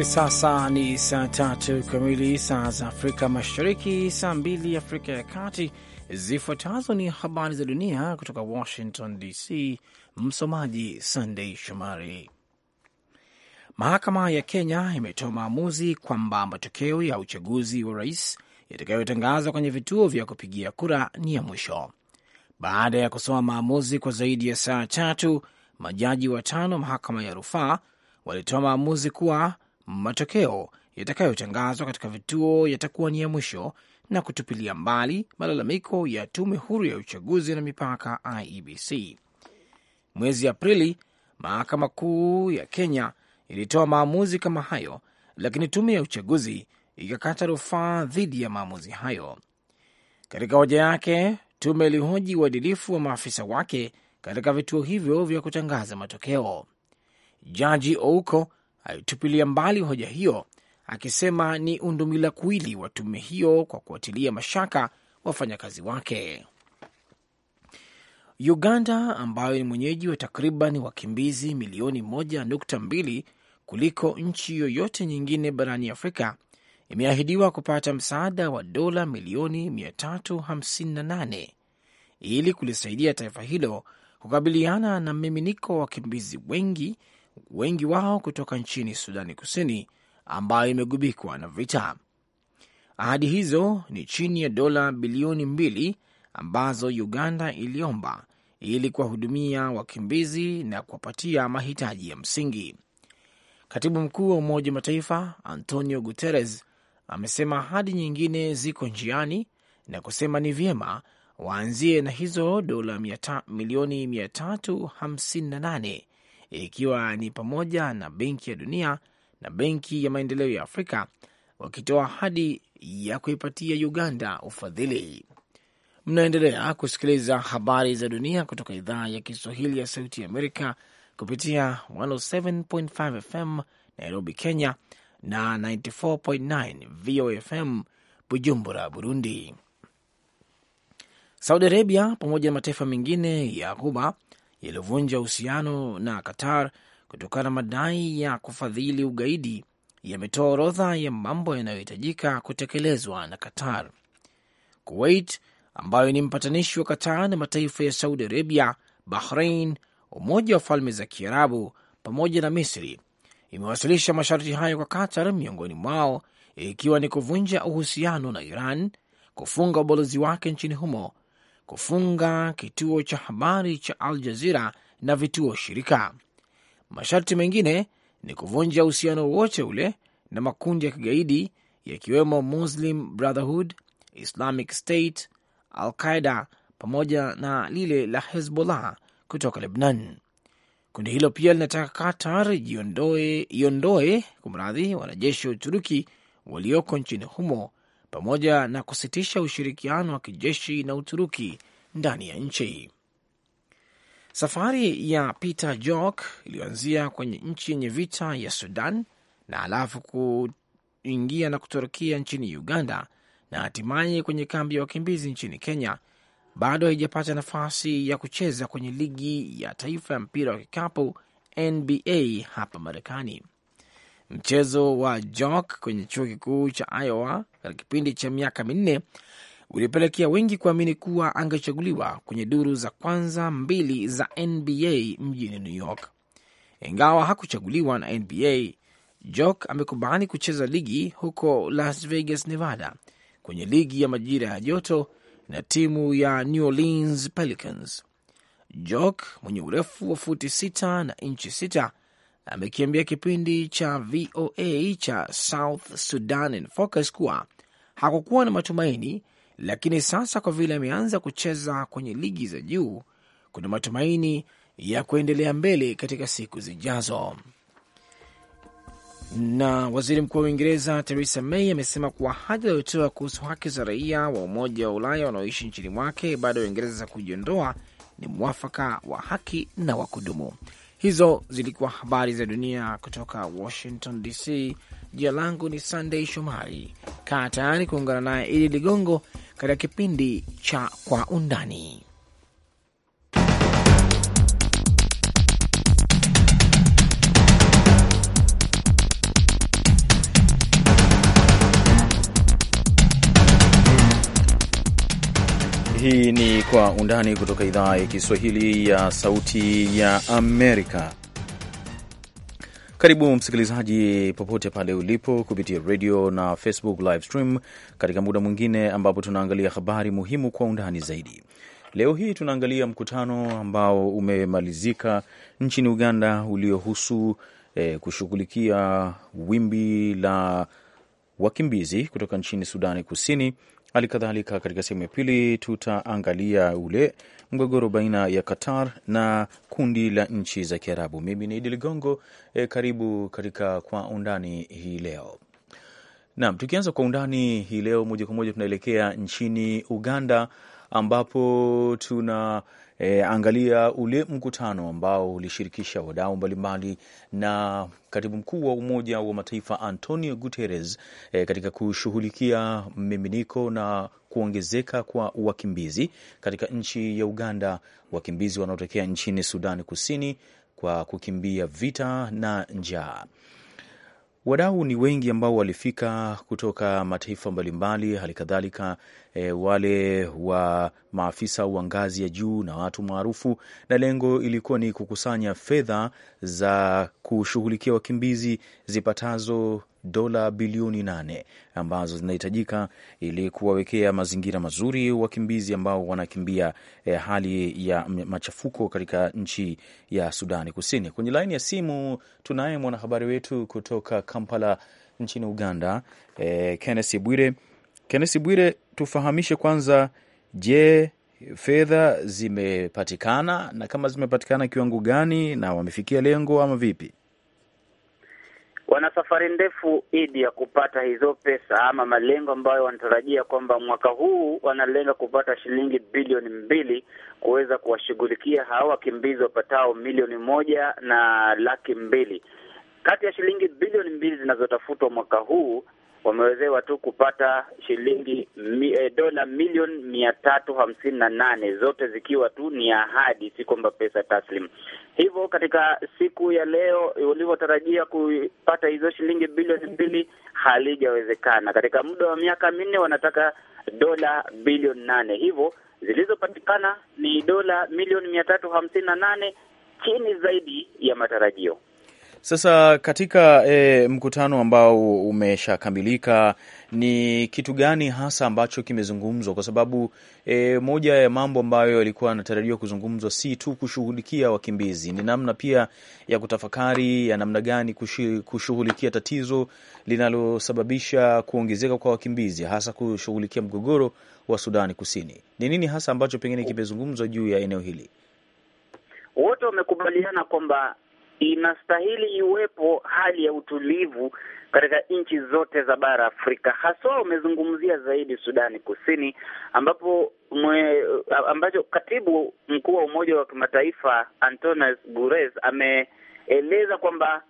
hivi sasa ni saa tatu kamili saa za Afrika Mashariki, saa mbili Afrika ya Kati. Zifuatazo ni habari za dunia kutoka Washington DC. Msomaji Sandei Shomari. Mahakama ya Kenya imetoa maamuzi kwamba matokeo ya uchaguzi wa rais yatakayotangazwa kwenye vituo vya kupigia kura ni ya mwisho. Baada ya kusoma maamuzi kwa zaidi ya saa tatu, majaji watano mahakama ya rufaa walitoa maamuzi kuwa Matokeo yatakayotangazwa katika vituo yatakuwa ni ya mwisho na kutupilia mbali malalamiko ya tume huru ya uchaguzi na mipaka IEBC. Mwezi Aprili, mahakama kuu ya Kenya ilitoa maamuzi kama hayo, lakini tume ya uchaguzi ikakata rufaa dhidi ya maamuzi hayo. Katika hoja yake, tume ilihoji uadilifu wa maafisa wake katika vituo hivyo vya kutangaza matokeo. Jaji Ouko alitupilia mbali hoja hiyo akisema ni undumila kuili wa tume hiyo kwa kuwatilia mashaka wafanyakazi wake. Uganda ambayo ni mwenyeji wa takriban wakimbizi milioni moja nukta mbili kuliko nchi yoyote nyingine barani Afrika imeahidiwa kupata msaada wa dola milioni 358 ili kulisaidia taifa hilo kukabiliana na mmiminiko wa wakimbizi wengi wengi wao kutoka nchini Sudani Kusini ambayo imegubikwa na vita. Ahadi hizo ni chini ya dola bilioni mbili ambazo Uganda iliomba ili kuwahudumia wakimbizi na kuwapatia mahitaji ya msingi. Katibu mkuu wa Umoja wa Mataifa Antonio Guterres amesema ahadi nyingine ziko njiani na kusema ni vyema waanzie na hizo dola milioni 358 ikiwa ni pamoja na Benki ya Dunia na Benki ya Maendeleo ya Afrika wakitoa ahadi ya kuipatia Uganda ufadhili. Mnaendelea kusikiliza habari za dunia kutoka idhaa ya Kiswahili ya Sauti ya Amerika kupitia 107.5 FM Nairobi, Kenya na 94.9 VOFM Bujumbura, Burundi. Saudi Arabia pamoja na mataifa mengine ya Ghuba yaliyovunja uhusiano na Qatar kutokana na madai ya kufadhili ugaidi yametoa orodha ya mambo yanayohitajika kutekelezwa na Qatar. Kuwait ambayo ni mpatanishi wa Qatar na mataifa ya Saudi Arabia, Bahrain, Umoja wa Falme za Kiarabu pamoja na Misri imewasilisha masharti hayo kwa Qatar, miongoni mwao ikiwa ni kuvunja uhusiano na Iran, kufunga ubalozi wake nchini humo kufunga kituo cha habari cha Al Jazira na vituo shirika. Masharti mengine ni kuvunja uhusiano wowote ule na makundi ya kigaidi yakiwemo Muslim Brotherhood, Islamic State, Al Qaida pamoja na lile la Hezbollah kutoka Lebanon. Kundi hilo pia linataka Qatar iondoe, kumradhi, wanajeshi wa Uturuki walioko nchini humo pamoja na kusitisha ushirikiano wa kijeshi na Uturuki ndani ya nchi. Safari ya Peter Jok iliyoanzia kwenye nchi yenye vita ya Sudan na halafu kuingia na kutorokea nchini Uganda na hatimaye kwenye kambi ya wakimbizi nchini Kenya bado haijapata nafasi ya kucheza kwenye ligi ya taifa ya mpira wa kikapu NBA hapa Marekani. Mchezo wa jock kwenye chuo kikuu cha Iowa katika kipindi cha miaka minne ulipelekea wengi kuamini kuwa angechaguliwa kwenye duru za kwanza mbili za NBA mjini New York. Ingawa hakuchaguliwa na NBA, Jock amekubali kucheza ligi huko Las Vegas, Nevada, kwenye ligi ya majira ya joto na timu ya New Orleans Pelicans. Jock mwenye urefu wa futi sita na inchi sita amekiambia kipindi cha VOA cha South Sudan in Focus kuwa hakukuwa na matumaini, lakini sasa kwa vile ameanza kucheza kwenye ligi za juu, kuna matumaini ya kuendelea mbele katika siku zijazo. Na waziri mkuu wa Uingereza Theresa May amesema kuwa haja aliyotoa kuhusu haki za raia wa Umoja wa Ulaya wanaoishi nchini mwake baada ya Uingereza kujiondoa ni mwafaka wa haki na wa kudumu. Hizo zilikuwa habari za dunia kutoka Washington DC. Jina langu ni Sandey Shomari. Kaa tayari kuungana naye Idi Ligongo katika kipindi cha Kwa Undani. Hii ni Kwa Undani kutoka idhaa ya Kiswahili ya Sauti ya Amerika. Karibu msikilizaji, popote pale ulipo, kupitia radio na Facebook live stream, katika muda mwingine ambapo tunaangalia habari muhimu kwa undani zaidi. Leo hii tunaangalia mkutano ambao umemalizika nchini Uganda uliohusu eh, kushughulikia wimbi la wakimbizi kutoka nchini Sudani Kusini. Hali kadhalika katika sehemu ya pili tutaangalia ule mgogoro baina ya Qatar na kundi la nchi za Kiarabu. Mimi ni Idi Ligongo, e, karibu katika kwa undani hii leo. Naam, tukianza kwa undani hii leo, moja kwa moja tunaelekea nchini Uganda ambapo tuna E, angalia ule mkutano ambao ulishirikisha wadau mbalimbali na katibu mkuu wa Umoja wa Mataifa Antonio Guterres e, katika kushughulikia mmiminiko na kuongezeka kwa wakimbizi katika nchi ya Uganda, wakimbizi wanaotokea nchini Sudani Kusini kwa kukimbia vita na njaa. Wadau ni wengi ambao walifika kutoka mataifa mbalimbali, hali kadhalika e, wale wa maafisa wa ngazi ya juu na watu maarufu, na lengo ilikuwa ni kukusanya fedha za kushughulikia wakimbizi zipatazo dola bilioni nane ambazo zinahitajika ili kuwawekea mazingira mazuri wakimbizi ambao wanakimbia eh, hali ya machafuko katika nchi ya Sudani Kusini. Kwenye laini ya simu tunaye mwanahabari wetu kutoka Kampala nchini Uganda, eh, Kenneth Bwire. Kenesi Bwire, tufahamishe kwanza, je, fedha zimepatikana na kama zimepatikana kiwango gani na wamefikia lengo ama vipi? Wana safari ndefu idi ya kupata hizo pesa ama malengo ambayo wanatarajia kwamba mwaka huu wanalenga kupata shilingi bilioni mbili kuweza kuwashughulikia hawa wakimbizi wapatao milioni moja na laki mbili. Kati ya shilingi bilioni mbili zinazotafutwa mwaka huu wamewezewa tu kupata shilingi mi, eh, dola milioni mia tatu hamsini na nane zote zikiwa tu ni ahadi, si kwamba pesa taslim. Hivyo katika siku ya leo ulivyotarajia kupata hizo shilingi bilioni mbili halijawezekana. Katika muda wa miaka minne wanataka dola bilioni nane, hivyo zilizopatikana ni dola milioni mia tatu hamsini na nane, chini zaidi ya matarajio. Sasa katika e, mkutano ambao umeshakamilika, ni kitu gani hasa ambacho kimezungumzwa? Kwa sababu e, moja ya mambo ambayo yalikuwa yanatarajiwa kuzungumzwa si tu kushughulikia wakimbizi, ni namna pia ya kutafakari ya namna gani kushughulikia tatizo linalosababisha kuongezeka kwa wakimbizi, hasa kushughulikia mgogoro wa Sudani Kusini. Ni nini hasa ambacho pengine kimezungumzwa juu ya eneo hili? Wote wamekubaliana kwamba inastahili iwepo hali ya utulivu katika nchi zote za bara Afrika, haswa umezungumzia zaidi Sudani Kusini, ambapo mwe, ambacho katibu mkuu wa Umoja wa Kimataifa Antonio Guterres ameeleza kwamba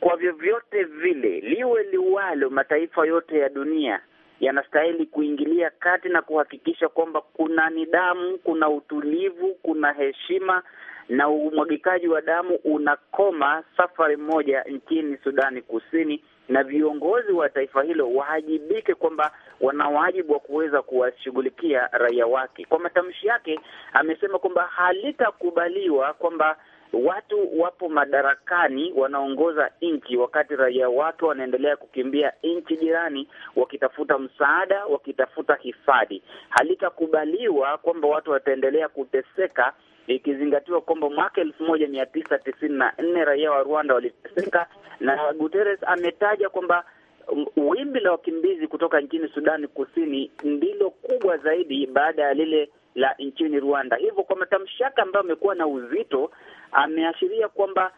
kwa vyovyote vile, liwe liwalo, mataifa yote ya dunia yanastahili kuingilia kati na kuhakikisha kwamba kuna nidhamu, kuna utulivu, kuna heshima na umwagikaji wa damu unakoma safari moja nchini Sudani Kusini, na viongozi wa taifa hilo wahajibike kwamba wana wajibu wa kuweza kuwashughulikia raia wake. Kwa matamshi yake amesema kwamba halitakubaliwa kwamba Watu wapo madarakani wanaongoza nchi, wakati raia wake wanaendelea kukimbia nchi jirani, wakitafuta msaada, wakitafuta hifadhi. Halitakubaliwa kwamba watu wataendelea kuteseka, ikizingatiwa kwamba mwaka elfu moja mia tisa tisini na nne raia wa Rwanda waliteseka, na Guterres ametaja kwamba wimbi la wakimbizi kutoka nchini Sudani Kusini ndilo kubwa zaidi baada ya lile la nchini Rwanda. Hivyo kwa matamshi yake ambayo amekuwa na uzito, ameashiria kwamba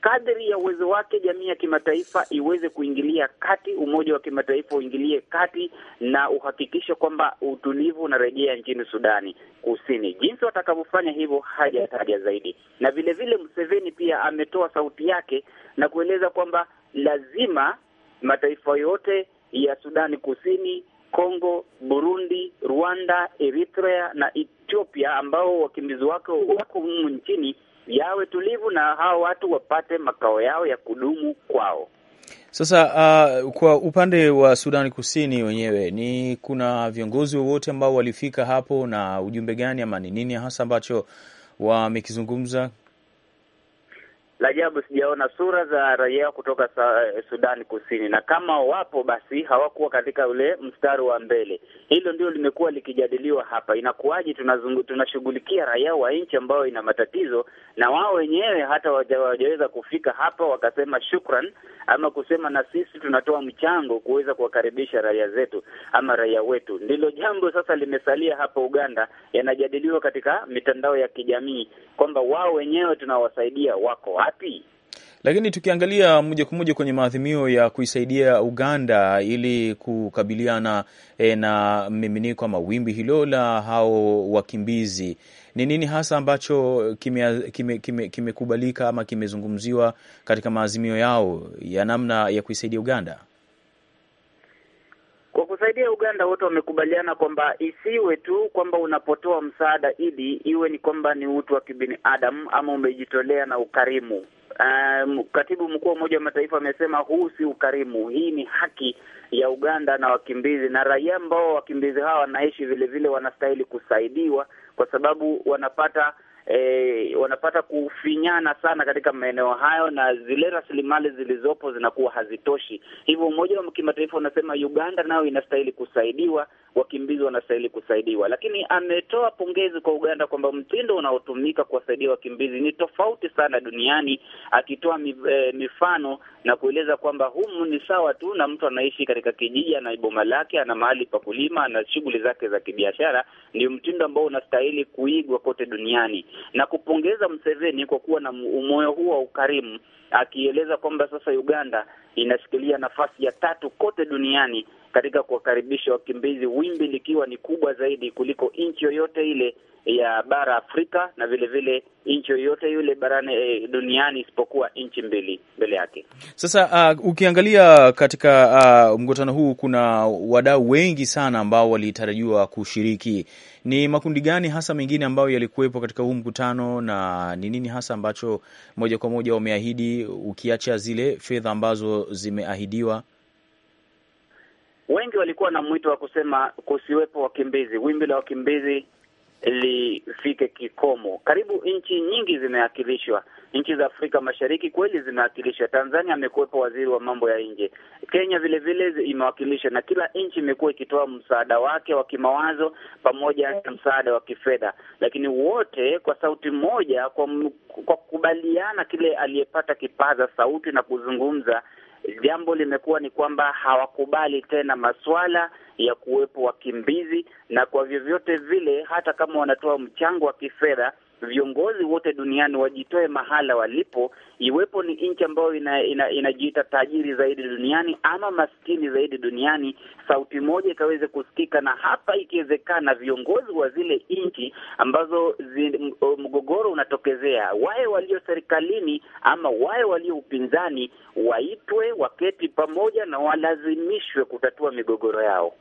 kadri ya uwezo wake jamii ya kimataifa iweze kuingilia kati, umoja wa kimataifa uingilie kati na uhakikishe kwamba utulivu unarejea nchini Sudani Kusini. Jinsi watakavyofanya hivyo hajataja zaidi. Na vilevile, Museveni pia ametoa sauti yake na kueleza kwamba lazima mataifa yote ya Sudani Kusini Kongo, Burundi, Rwanda, Eritrea na Ethiopia ambao wakimbizi wake wako humu nchini yawe tulivu na hawa watu wapate makao yao ya kudumu kwao. Sasa uh, kwa upande wa Sudani Kusini wenyewe ni kuna viongozi wowote ambao walifika hapo na ujumbe gani ama ni nini hasa ambacho wamekizungumza la ajabu sijaona sura za raia kutoka eh, Sudani Kusini, na kama wapo basi hawakuwa katika ule mstari wa mbele. Hilo ndio limekuwa likijadiliwa hapa, inakuwaje tunashughulikia raia wa nchi ambayo ina matatizo, na wao wenyewe hata hawajaweza kufika hapa wakasema shukran ama kusema na sisi tunatoa mchango kuweza kuwakaribisha raia zetu ama raia wetu. Ndilo jambo sasa limesalia hapa Uganda, yanajadiliwa katika mitandao ya kijamii kwamba wao wenyewe tunawasaidia, wako hata wapi? Lakini tukiangalia moja kwa moja kwenye maadhimio ya kuisaidia Uganda ili kukabiliana e, na mmiminiko ama wimbi hilo la hao wakimbizi, ni nini hasa ambacho kimekubalika kime, kime, kime ama kimezungumziwa katika maazimio yao ya namna ya kuisaidia Uganda? kusaidia Uganda wote wamekubaliana kwamba isiwe tu kwamba unapotoa msaada idi, iwe ni kwamba ni utu wa kibinadamu ama umejitolea na ukarimu. Um, katibu mkuu wa Umoja wa Mataifa amesema huu si ukarimu, hii ni haki ya Uganda na wakimbizi na raia ambao wakimbizi hawa wanaishi vilevile, wanastahili kusaidiwa kwa sababu wanapata e, wanapata kufinyana sana katika maeneo hayo, na zile rasilimali zilizopo zinakuwa hazitoshi. Hivyo Umoja wa Kimataifa unasema Uganda nayo inastahili kusaidiwa, wakimbizi wanastahili kusaidiwa. Lakini ametoa pongezi kwa Uganda kwamba mtindo unaotumika kuwasaidia wakimbizi ni tofauti sana duniani, akitoa e, mifano na kueleza kwamba humu ni sawa tu na mtu anaishi katika kijiji, ana boma lake, ana mahali pa kulima, ana shughuli zake za kibiashara. Ndio mtindo ambao unastahili kuigwa kote duniani na kupongeza Mseveni kwa kuwa na umoyo huo wa ukarimu, akieleza kwamba sasa Uganda inashikilia nafasi ya tatu kote duniani katika kuwakaribisha wakimbizi, wimbi likiwa ni kubwa zaidi kuliko nchi yoyote ile ya bara Afrika na vilevile nchi yoyote yule barani eh, duniani isipokuwa nchi mbili mbele yake. Sasa uh, ukiangalia katika uh, mkutano huu kuna wadau wengi sana ambao walitarajiwa kushiriki. Ni makundi gani hasa mengine ambayo yalikuwepo katika huu mkutano na ni nini hasa ambacho moja kwa moja wameahidi ukiacha zile fedha ambazo zimeahidiwa? wengi walikuwa na mwito wa kusema kusiwepo wakimbizi, wimbi la wakimbizi lifike kikomo. Karibu nchi nyingi zimewakilishwa, nchi za Afrika Mashariki kweli zimewakilishwa. Tanzania amekuwepo waziri wa mambo ya nje, Kenya vilevile imewakilishwa, na kila nchi imekuwa ikitoa msaada wake wa kimawazo pamoja na msaada wa kifedha, lakini wote kwa sauti moja, kwa kukubaliana kile aliyepata kipaza sauti na kuzungumza Jambo limekuwa ni kwamba hawakubali tena masuala ya kuwepo wakimbizi, na kwa vyovyote vile, hata kama wanatoa mchango wa kifedha viongozi wote duniani wajitoe mahala walipo, iwepo ni nchi ambayo inajiita ina, ina tajiri zaidi duniani ama maskini zaidi duniani, sauti moja ikaweze kusikika, na hapa ikiwezekana viongozi wa zile nchi ambazo zi, mgogoro unatokezea, wae walio serikalini ama wae walio upinzani, waitwe, waketi pamoja na walazimishwe kutatua migogoro yao.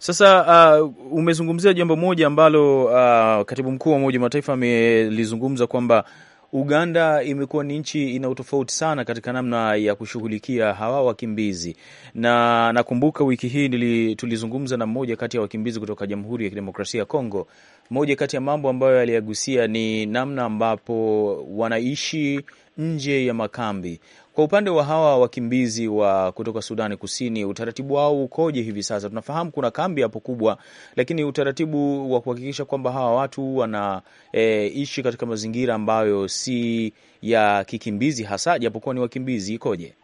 Sasa uh, umezungumzia jambo moja ambalo uh, katibu mkuu wa Umoja wa Mataifa amelizungumza kwamba Uganda imekuwa ni nchi ina utofauti sana katika namna ya kushughulikia hawa wakimbizi, na nakumbuka wiki hii tulizungumza na mmoja kati ya wakimbizi kutoka Jamhuri ya Kidemokrasia ya Kongo moja kati ya mambo ambayo aliyagusia ni namna ambapo wanaishi nje ya makambi. Kwa upande wa hawa wakimbizi wa kutoka Sudani Kusini, utaratibu wao ukoje hivi sasa? Tunafahamu kuna kambi hapo kubwa, lakini utaratibu wa kuhakikisha kwamba hawa watu wanaishi e, katika mazingira ambayo si ya kikimbizi hasa, japokuwa ni wakimbizi, ikoje?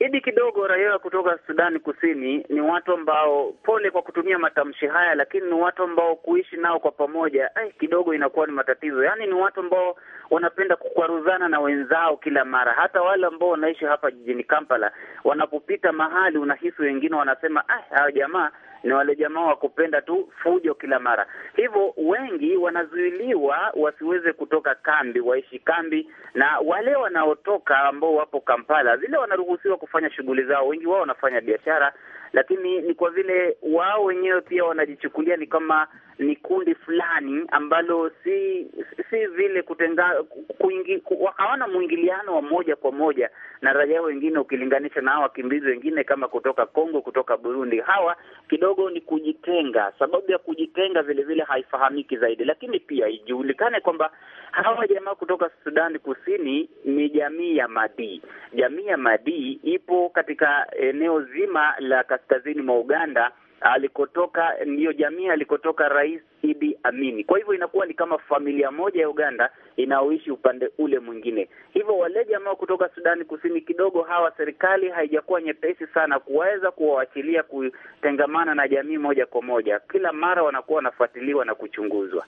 hidi kidogo, raia kutoka Sudani Kusini ni watu ambao, pole kwa kutumia matamshi haya, lakini ni watu ambao kuishi nao kwa pamoja eh, kidogo inakuwa ni matatizo. Yaani ni watu ambao wanapenda kukwaruzana na wenzao kila mara. Hata wale ambao wanaishi hapa jijini Kampala, wanapopita mahali unahisi wengine wanasema ah, hao jamaa ni wale jamaa wa kupenda tu fujo kila mara. Hivyo wengi wanazuiliwa wasiweze kutoka kambi, waishi kambi, na wale wanaotoka ambao wapo Kampala zile wanaruhusiwa kufanya shughuli zao. Wengi wao wanafanya biashara, lakini ni kwa vile wao wenyewe pia wanajichukulia ni kama ni kundi fulani ambalo si si vile kutenga kuingi, wakawana mwingiliano wa moja kwa moja na raia wengine ukilinganisha na hao wakimbizi wengine kama kutoka Kongo, kutoka Burundi. Hawa kidogo ni kujitenga. Sababu ya kujitenga vile vile haifahamiki zaidi, lakini pia ijulikane kwamba hawa jamaa kutoka Sudani Kusini ni jamii ya Madi. Jamii ya Madi ipo katika eneo zima la kaskazini mwa Uganda alikotoka ndiyo jamii alikotoka Rais Idi Amini. Kwa hivyo inakuwa ni kama familia moja ya Uganda inaoishi upande ule mwingine. Hivyo wale jamaa kutoka Sudani Kusini kidogo hawa, serikali haijakuwa nyepesi sana kuweza kuwawachilia kutengamana na jamii moja kwa moja. Kila mara wanakuwa wanafuatiliwa na kuchunguzwa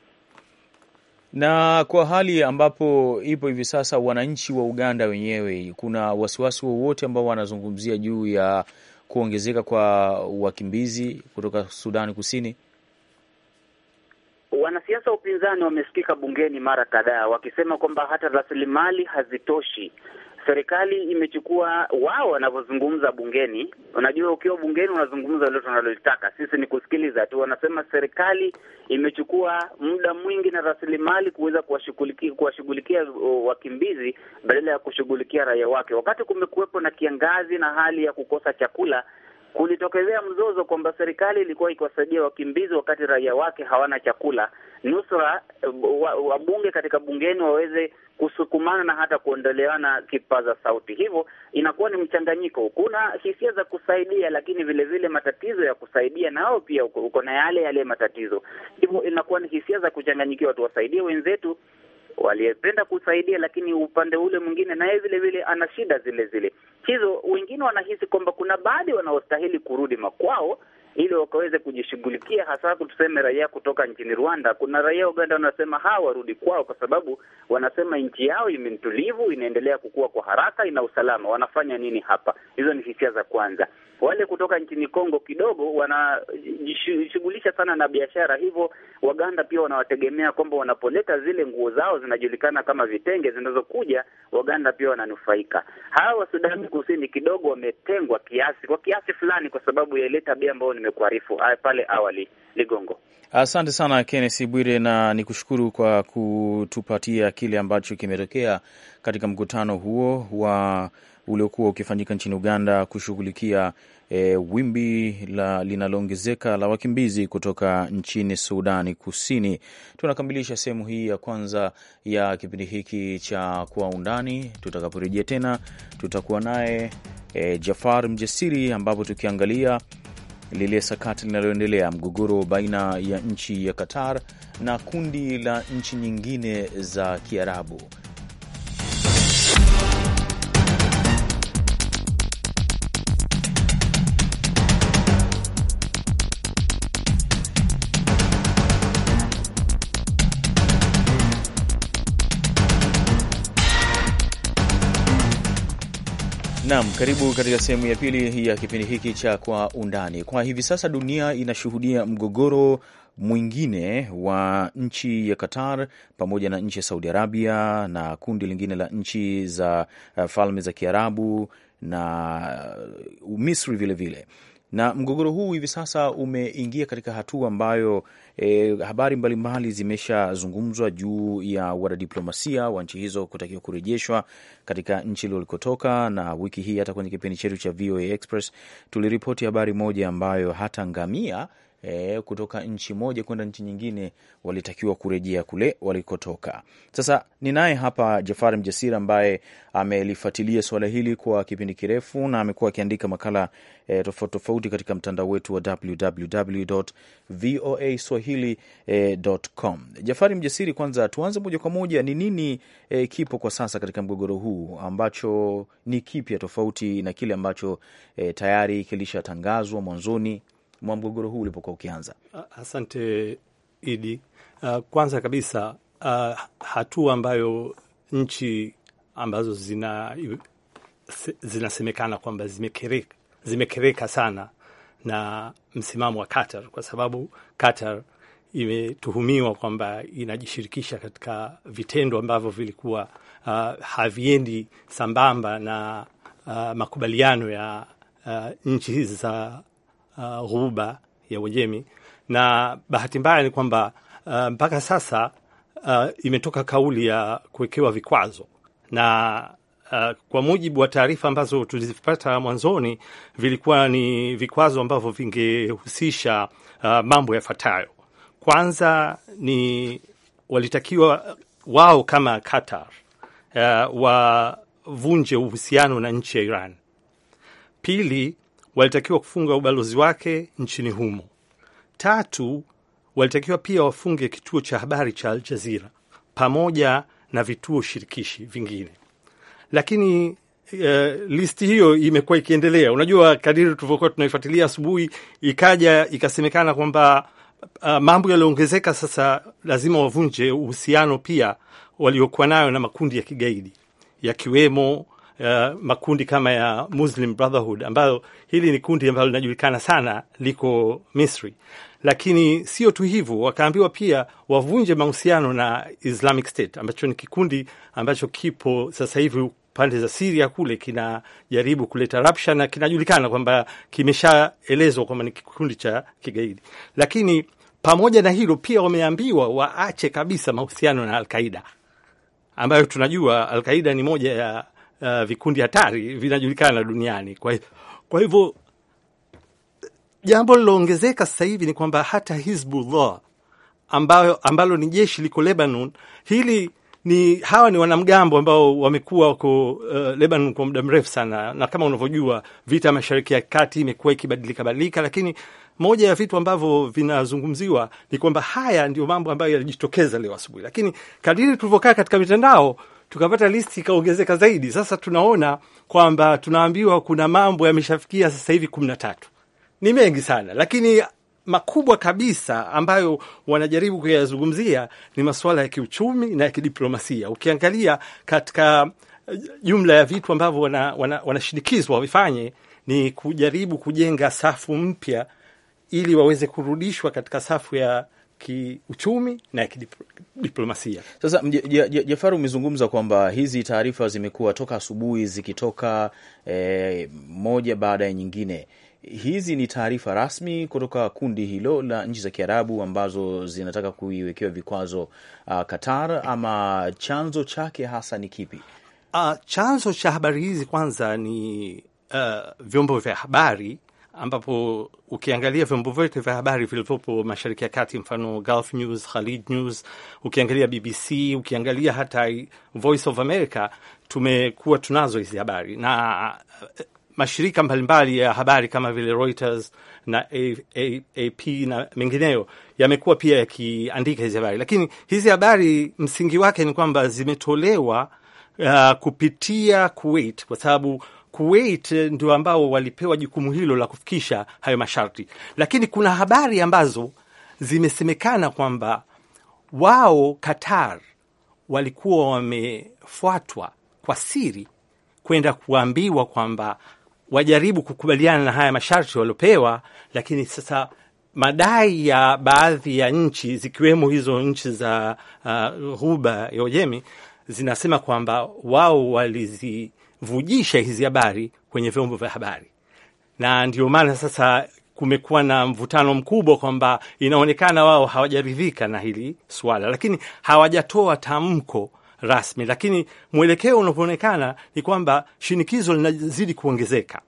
na kwa hali ambapo ipo hivi sasa, wananchi wa Uganda wenyewe, kuna wasiwasi wowote ambao wanazungumzia juu ya kuongezeka kwa wakimbizi kutoka Sudani Kusini? Wanasiasa wa upinzani wamesikika bungeni mara kadhaa wakisema kwamba hata rasilimali hazitoshi serikali imechukua wao wanavyozungumza bungeni. Unajua, ukiwa bungeni unazungumza lolote unalolitaka, sisi ni kusikiliza tu. Wanasema serikali imechukua muda mwingi na rasilimali kuweza kuwashughulikia wakimbizi badala ya kushughulikia raia wake, wakati kumekuwepo na kiangazi na hali ya kukosa chakula kulitokezea mzozo kwamba serikali ilikuwa ikiwasaidia wakimbizi wakati raia wake hawana chakula, nusura wabunge katika bungeni waweze kusukumana na hata kuondoleana kipaza sauti. Hivyo inakuwa ni mchanganyiko, kuna hisia za kusaidia, lakini vile vile matatizo ya kusaidia nao pia uko na yale yale matatizo. Hivyo inakuwa ni hisia za kuchanganyikiwa, tuwasaidie wenzetu waliyependa kusaidia, lakini upande ule mwingine naye vile vile ana shida zile zile hizo. Wengine wanahisi kwamba kuna baadhi wanaostahili kurudi makwao ili wakaweze kujishughulikia, hasa tuseme raia kutoka nchini Rwanda. Kuna raia Uganda wanasema hawa warudi kwao, kwa sababu wanasema nchi yao imentulivu, inaendelea kukua kwa haraka, ina usalama, wanafanya nini hapa? Hizo ni hisia za kwanza. Wale kutoka nchini Kongo kidogo wanajishughulisha sana na biashara, hivyo Waganda pia wanawategemea kwamba wanapoleta zile nguo zao zinajulikana kama vitenge zinazokuja, Waganda pia wananufaika. Hawa wa Sudani Kusini kidogo wametengwa kiasi, kwa kiasi fulani, kwa sababu ya ile tabia ambayo nimekuarifu ah, pale awali. Ligongo, asante sana Kenneth Bwire, na nikushukuru kwa kutupatia kile ambacho kimetokea katika mkutano huo wa uliokuwa ukifanyika nchini Uganda kushughulikia e, wimbi la linaloongezeka la wakimbizi kutoka nchini Sudani Kusini. Tunakamilisha sehemu hii ya kwanza ya kipindi hiki cha Kwa Undani. Tutakaporejea tena, tutakuwa naye e, Jafar Mjasiri, ambapo tukiangalia lile sakata linaloendelea, mgogoro baina ya nchi ya Qatar na kundi la nchi nyingine za Kiarabu. Naam, karibu katika sehemu ya pili ya kipindi hiki cha Kwa Undani. Kwa hivi sasa dunia inashuhudia mgogoro mwingine wa nchi ya Qatar pamoja na nchi ya Saudi Arabia na kundi lingine la nchi za eh, Falme za Kiarabu na eh, Misri vilevile vile. Na mgogoro huu hivi sasa umeingia katika hatua ambayo E, habari mbalimbali zimeshazungumzwa juu ya wanadiplomasia wa nchi hizo kutakiwa kurejeshwa katika nchi walikotoka, na wiki hii hata kwenye kipindi chetu cha VOA Express tuliripoti habari moja ambayo hata ngamia e, kutoka nchi moja kwenda nchi nyingine walitakiwa kurejea kule walikotoka. Sasa ni naye hapa Jafar Mjasiri ambaye amelifuatilia suala hili kwa kipindi kirefu na amekuwa akiandika makala e, tofauti tofauti katika mtandao wetu wa www.voaswahili.com. Eh, Jafari Mjasiri, kwanza tuanze moja kwa moja, ni nini e, kipo kwa sasa katika mgogoro huu ambacho ni kipya tofauti na kile ambacho e, tayari kilishatangazwa mwanzoni mwa mgogoro huu ulipokuwa ukianza? Asante Idi. Uh, kwanza kabisa uh, hatua ambayo nchi ambazo zina zinasemekana kwamba zimekereka, zimekereka sana na msimamo wa Qatar kwa sababu Qatar imetuhumiwa kwamba inajishirikisha katika vitendo ambavyo vilikuwa uh, haviendi sambamba na uh, makubaliano ya uh, nchi hizi za uh, ghuba ya Uajemi, na bahati mbaya ni kwamba uh, mpaka sasa uh, imetoka kauli ya kuwekewa vikwazo na uh, kwa mujibu wa taarifa ambazo tulizipata mwanzoni vilikuwa ni vikwazo ambavyo vingehusisha uh, mambo yafuatayo. Kwanza ni walitakiwa wao kama Qatar uh, wavunje uhusiano na nchi ya Iran. Pili walitakiwa kufunga ubalozi wake nchini humo. Tatu, walitakiwa pia wafunge kituo cha habari cha Al pamoja na vituo shirikishi vingine. Lakini Uh, eh, listi hiyo imekuwa ikiendelea. Unajua, kadiri tulivyokuwa tunaifuatilia asubuhi, ikaja ikasemekana kwamba eh, mambo yaliyoongezeka, sasa lazima wavunje uhusiano pia waliokuwa nayo na makundi ya kigaidi yakiwemo uh, makundi kama ya Muslim Brotherhood ambayo hili ni kundi ambalo linajulikana sana liko Misri, lakini sio tu hivyo, wakaambiwa pia wavunje mahusiano na Islamic State ambacho ni kikundi ambacho kipo sasa hivi pande za Siria kule kinajaribu kuleta rapsha na kinajulikana kwamba kimeshaelezwa kwamba ni kikundi cha kigaidi. Lakini pamoja na hilo pia wameambiwa waache kabisa mahusiano na Alqaida ambayo tunajua Alqaida ni moja ya uh, vikundi hatari vinajulikana duniani. Kwa, kwa hivyo jambo liloongezeka sasa hivi ni kwamba hata Hizbullah ambayo, ambalo ni jeshi liko Lebanon hili ni hawa ni wanamgambo ambao wamekuwa wako uh, Lebanon kwa muda mrefu sana, na kama unavyojua vita mashariki ya kati imekuwa ikibadilika badilika, lakini moja ya vitu ambavyo vinazungumziwa ni kwamba haya ndio mambo ambayo yalijitokeza leo asubuhi, lakini kadiri tulivyokaa katika mitandao tukapata listi ikaongezeka zaidi. Sasa tunaona kwamba tunaambiwa kuna mambo yameshafikia sasa hivi kumi na tatu. Ni mengi sana, lakini makubwa kabisa ambayo wanajaribu kuyazungumzia ni masuala ya kiuchumi na ya kidiplomasia. Ukiangalia katika eh, jumla ya vitu ambavyo wanashinikizwa wana, wana wavifanye ni kujaribu kujenga safu mpya ili waweze kurudishwa katika safu ya kiuchumi na ya kidiplomasia. Sasa Jafaru, umezungumza kwamba hizi taarifa zimekuwa toka asubuhi zikitoka e, moja baada ya nyingine. Hizi ni taarifa rasmi kutoka kundi hilo la nchi za Kiarabu ambazo zinataka kuiwekewa vikwazo uh, Qatar, ama chanzo chake hasa ni kipi? Uh, chanzo cha habari hizi kwanza ni uh, vyombo vya habari ambapo ukiangalia vyombo vyote vya habari vilivyopo Mashariki ya Kati, mfano Gulf News, Khalid News, ukiangalia BBC, ukiangalia hata Voice of America, tumekuwa tunazo hizi habari na eh, mashirika mbalimbali ya habari kama vile Reuters na AP na mengineyo yamekuwa pia yakiandika hizi habari, lakini hizi habari msingi wake ni kwamba zimetolewa uh, kupitia Kuwait kwa sababu Kuwait eh, ndio ambao walipewa jukumu hilo la kufikisha hayo masharti, lakini kuna habari ambazo zimesemekana kwamba wao Qatar walikuwa wamefuatwa kwa siri kwenda kuambiwa kwamba wajaribu kukubaliana na haya masharti waliopewa, lakini sasa madai ya baadhi ya nchi zikiwemo hizo nchi za uh, Ghuba ya Uajemi zinasema kwamba wao walizi kuvujisha hizi habari kwenye vyombo vya habari, na ndio maana sasa kumekuwa na mvutano mkubwa kwamba inaonekana wao hawajaridhika na hili swala, lakini hawajatoa tamko rasmi. Lakini mwelekeo unavyoonekana ni kwamba shinikizo linazidi kuongezeka.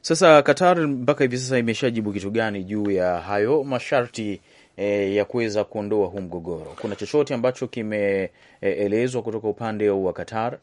Sasa Qatar mpaka hivi sasa imeshajibu kitu gani juu ya hayo masharti e, ya kuweza kuondoa huu mgogoro? Kuna chochote ambacho kimeelezwa e, kutoka upande wa Qatar?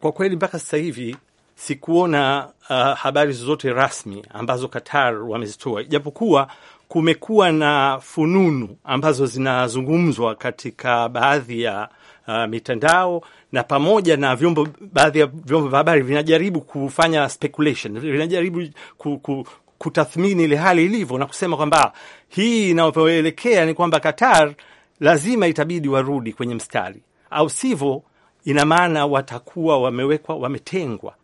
Kwa kweli mpaka sasa hivi sikuona uh, habari zozote rasmi ambazo Qatar wamezitoa, japokuwa kumekuwa na fununu ambazo zinazungumzwa katika baadhi ya uh, mitandao na pamoja na vyombo, baadhi ya vyombo vya habari vinajaribu kufanya speculation, vinajaribu ku, ku, kutathmini ile hali ilivyo na kusema kwamba hii inavyoelekea ni kwamba Qatar lazima itabidi warudi kwenye mstari, au sivyo ina maana watakuwa wamewekwa, wametengwa.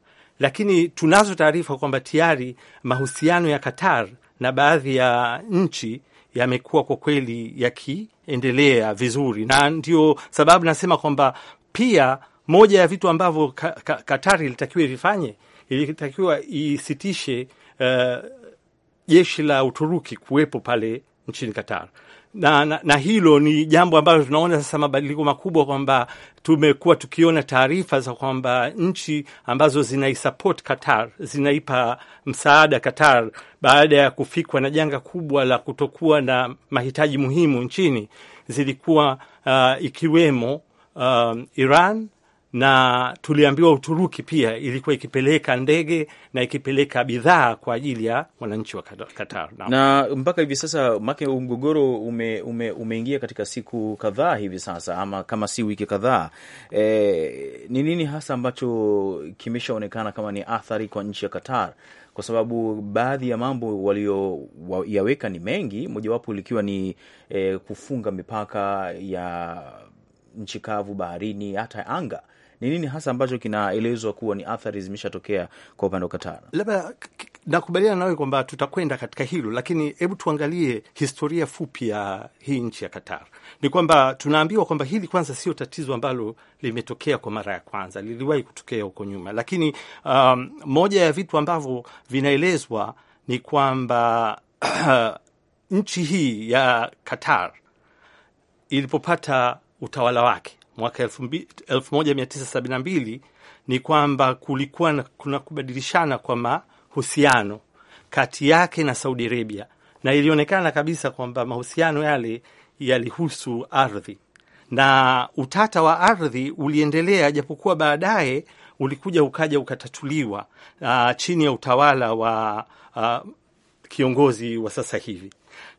Lakini tunazo taarifa kwamba tayari mahusiano ya Qatar na baadhi ya nchi yamekuwa kwa kweli yakiendelea vizuri, na ndio sababu nasema kwamba pia moja ya vitu ambavyo Qatar ilitakiwa ivifanye, ilitakiwa isitishe uh, jeshi la Uturuki kuwepo pale nchini Qatar na, na, na hilo ni jambo ambalo tunaona sasa mabadiliko makubwa kwamba tumekuwa tukiona taarifa za kwamba nchi ambazo zinaisupport Qatar zinaipa msaada Qatar baada ya kufikwa na janga kubwa la kutokuwa na mahitaji muhimu nchini zilikuwa uh, ikiwemo uh, Iran na tuliambiwa Uturuki pia ilikuwa ikipeleka ndege na ikipeleka bidhaa kwa ajili ya wananchi wa Qatar na, na mpaka hivi sasa make mgogoro ume, ume, umeingia katika siku kadhaa hivi sasa ama kama si wiki kadhaa. E, ni nini hasa ambacho kimeshaonekana kama ni athari kwa nchi ya Qatar? Kwa sababu baadhi ya mambo walioyaweka ni mengi, mojawapo likiwa ni e, kufunga mipaka ya nchi kavu, baharini, hata anga ni nini hasa ambacho kinaelezwa kuwa ni athari zimeshatokea kwa upande wa Qatar? Labda nakubaliana nawe kwamba tutakwenda katika hilo, lakini hebu tuangalie historia fupi ya hii nchi ya Qatar. Ni kwamba tunaambiwa kwamba hili kwanza sio tatizo ambalo limetokea kwa mara ya kwanza, liliwahi kutokea huko nyuma, lakini um, moja ya vitu ambavyo vinaelezwa ni kwamba nchi hii ya Qatar ilipopata utawala wake mwaka 1972 ni kwamba kulikuwa kuna kubadilishana kwa mahusiano kati yake na Saudi Arabia, na ilionekana kabisa kwamba mahusiano yale yalihusu ardhi na utata wa ardhi uliendelea, japokuwa baadaye ulikuja ukaja ukatatuliwa uh, chini ya utawala wa uh, kiongozi wa sasa hivi.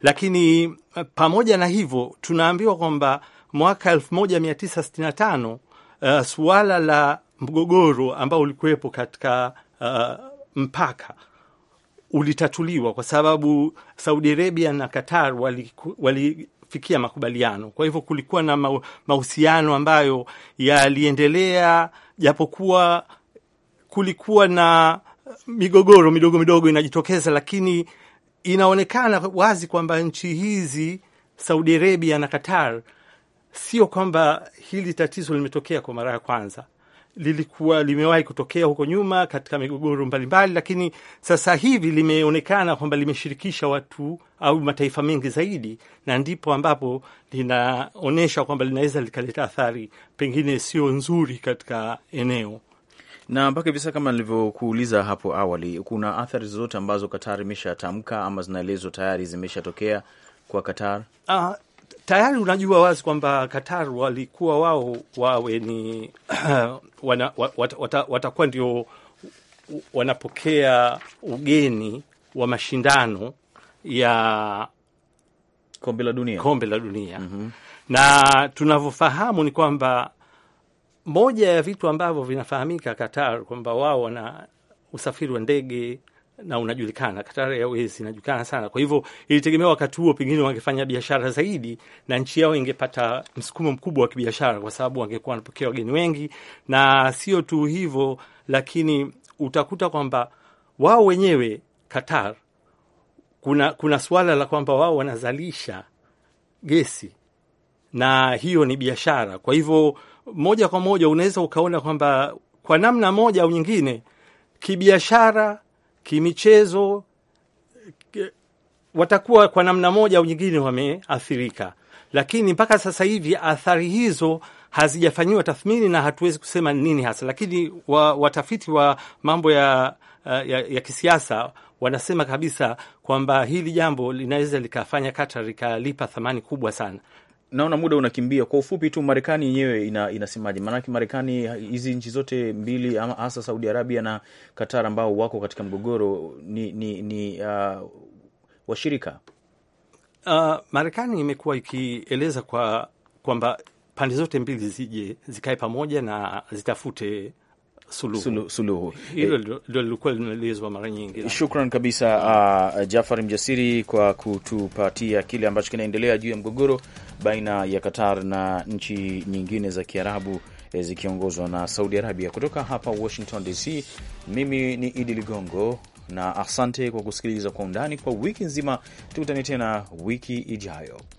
Lakini ah, pamoja na hivyo tunaambiwa kwamba mwaka 1965 uh, suala la mgogoro ambao ulikuwepo katika uh, mpaka ulitatuliwa kwa sababu Saudi Arabia na Qatar walifikia wali makubaliano. Kwa hivyo kulikuwa na mahusiano ambayo yaliendelea, japokuwa kulikuwa na migogoro midogo midogo inajitokeza, lakini inaonekana wazi kwamba nchi hizi Saudi Arabia na Qatar sio kwamba hili tatizo limetokea kwa mara ya kwanza, lilikuwa limewahi kutokea huko nyuma katika migogoro mbalimbali, lakini sasa hivi limeonekana kwamba limeshirikisha watu au mataifa mengi zaidi, na ndipo ambapo linaonyesha kwamba linaweza likaleta athari pengine sio nzuri katika eneo na mpaka hivi sasa kama nilivyokuuliza hapo awali, kuna athari zozote ambazo Katar imeshatamka ama zinaelezwa tayari zimeshatokea kwa katar ah, tayari unajua wazi kwamba Qatar walikuwa wao wawe ni wana, wat, wat, watakuwa ndio wanapokea ugeni wa mashindano ya kombe la dunia, kombe la dunia. Mm -hmm. Na tunavyofahamu ni kwamba moja ya vitu ambavyo vinafahamika Qatar kwamba wao wana usafiri wa ndege na unajulikana, Qatar Airways inajulikana sana. Kwa hivyo ilitegemea wakati huo pengine wangefanya biashara zaidi na nchi yao ingepata msukumo mkubwa wa kibiashara, kwa sababu wangekuwa wanapokea wageni wengi, na sio tu hivyo, lakini utakuta kwamba wao wenyewe Qatar, kuna, kuna suala la kwamba wao wanazalisha gesi na hiyo ni biashara. Kwa hivyo moja kwa moja unaweza ukaona kwamba kwa namna moja au nyingine kibiashara kimichezo watakuwa kwa namna moja au nyingine wameathirika, lakini mpaka sasa hivi athari hizo hazijafanyiwa tathmini na hatuwezi kusema nini hasa, lakini wa, watafiti wa mambo ya, uh, ya, ya kisiasa wanasema kabisa kwamba hili jambo linaweza likafanya kata likalipa thamani kubwa sana, naona muda unakimbia. Kwa ufupi tu, Marekani yenyewe ina, inasemaje? Maanake Marekani hizi nchi zote mbili ama hasa Saudi Arabia na Qatar ambao wako katika mgogoro ni, ni, ni uh, washirika uh, Marekani imekuwa ikieleza kwa kwamba pande zote mbili zije zikae pamoja na zitafute suluhu, Hilo eh, ndio lilikuwa linaelezwa mara nyingi. Shukran kabisa uh, ah, Jafari Mjasiri kwa kutupatia kile ambacho kinaendelea juu ya mgogoro baina ya Qatar na nchi nyingine za Kiarabu eh, zikiongozwa na Saudi Arabia. Kutoka hapa Washington DC, mimi ni Idi Ligongo na asante kwa kusikiliza Kwa Undani kwa wiki nzima. Tukutane tena wiki ijayo.